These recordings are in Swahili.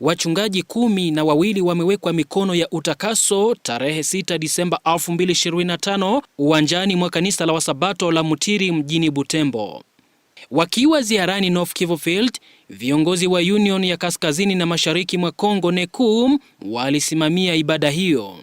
Wachungaji kumi na wawili wamewekwa mikono ya utakaso tarehe 6 Disemba 2025 uwanjani mwa kanisa la Wasabato la Mutiri mjini Butembo. Wakiwa ziarani North Kivu Field, viongozi wa Union ya Kaskazini na Mashariki mwa Kongo NECUM walisimamia ibada hiyo.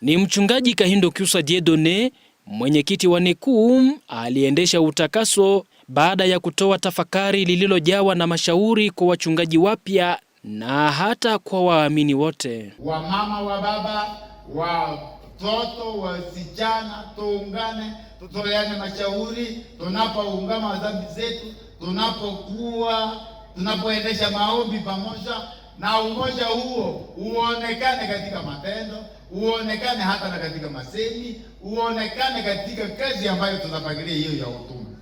Ni mchungaji Kahindo Kyusa Diedone, mwenyekiti wa NECUM, aliendesha utakaso baada ya kutoa tafakari lililojawa na mashauri kwa wachungaji wapya na hata kwa waamini wote, wamama wa baba, watoto, wasichana, tuungane, tutoleane mashauri tunapoungama dhambi zetu, tunapokuwa tunapoendesha maombi pamoja, na umoja huo uonekane katika matendo, uonekane hata na katika masemi, uonekane katika kazi ambayo tunapangilia hiyo ya utume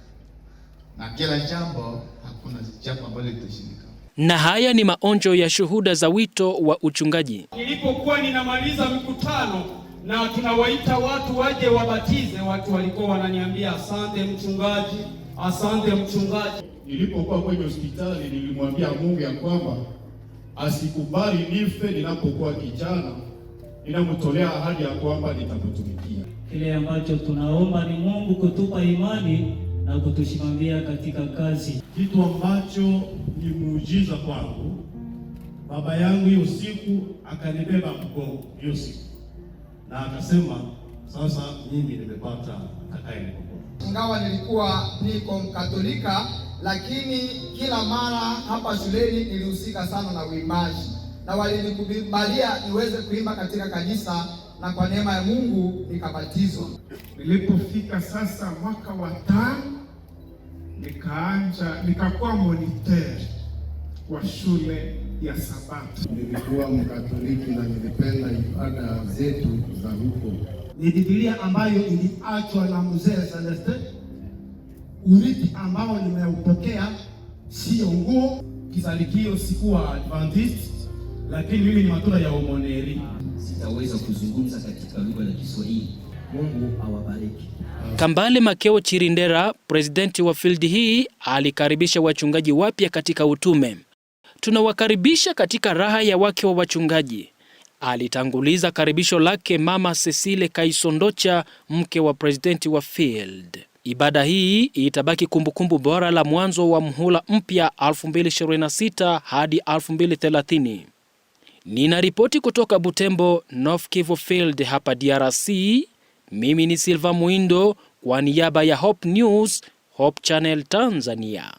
na kila jambo. Hakuna jambo ambalo litashindikana. Na haya ni maonjo ya shuhuda za wito wa uchungaji. Nilipokuwa ninamaliza mkutano na tunawaita watu waje wabatize, watu walikuwa wananiambia asante mchungaji, asante mchungaji. Nilipokuwa kwenye hospitali nilimwambia Mungu ya kwamba asikubali nife ninapokuwa kijana, ninamtolea ahadi ya kwamba nitakutumikia Kile ambacho tunaomba ni Mungu kutupa imani na kutusimamia katika kazi, kitu ambacho ni muujiza kwangu. Baba yangu hiyo siku akanibeba mgongo hiyo siku, na akasema sasa mimi nimepata kakae mgongo. Ingawa nilikuwa niko Mkatolika, lakini kila mara hapa shuleni nilihusika sana na uimbaji na walinikubalia niweze kuimba katika kanisa na kwa neema ya Mungu nikabatizwa. Nilipofika sasa mwaka wa tano, nikaanja nikakuwa moniteri wa shule ya Sabato. Nilikuwa Mkatoliki na nilipenda ibada zetu za huko. Ni Biblia ambayo iliachwa na mzee Celeste, urithi ambao nimeupokea sio nguo. Kizalikio sikuwa Adventist lakini mimi ni matunda ya umoneri. Sitaweza kuzungumza katika lugha ya Kiswahili. Mungu awabariki. Kambale Makeo Chirindera, presidenti wa field hii, alikaribisha wachungaji wapya katika utume. Tunawakaribisha katika raha ya wake wa wachungaji. Alitanguliza karibisho lake Mama Cecile Kaisondocha, mke wa presidenti wa field. Ibada hii itabaki kumbukumbu bora la mwanzo wa mhula mpya 2026 hadi 2030 nina ripoti kutoka Butembo, North Kivu Field hapa DRC. Mimi ni Silva Mwindo kwa niaba ya Hope News, Hope Channel Tanzania.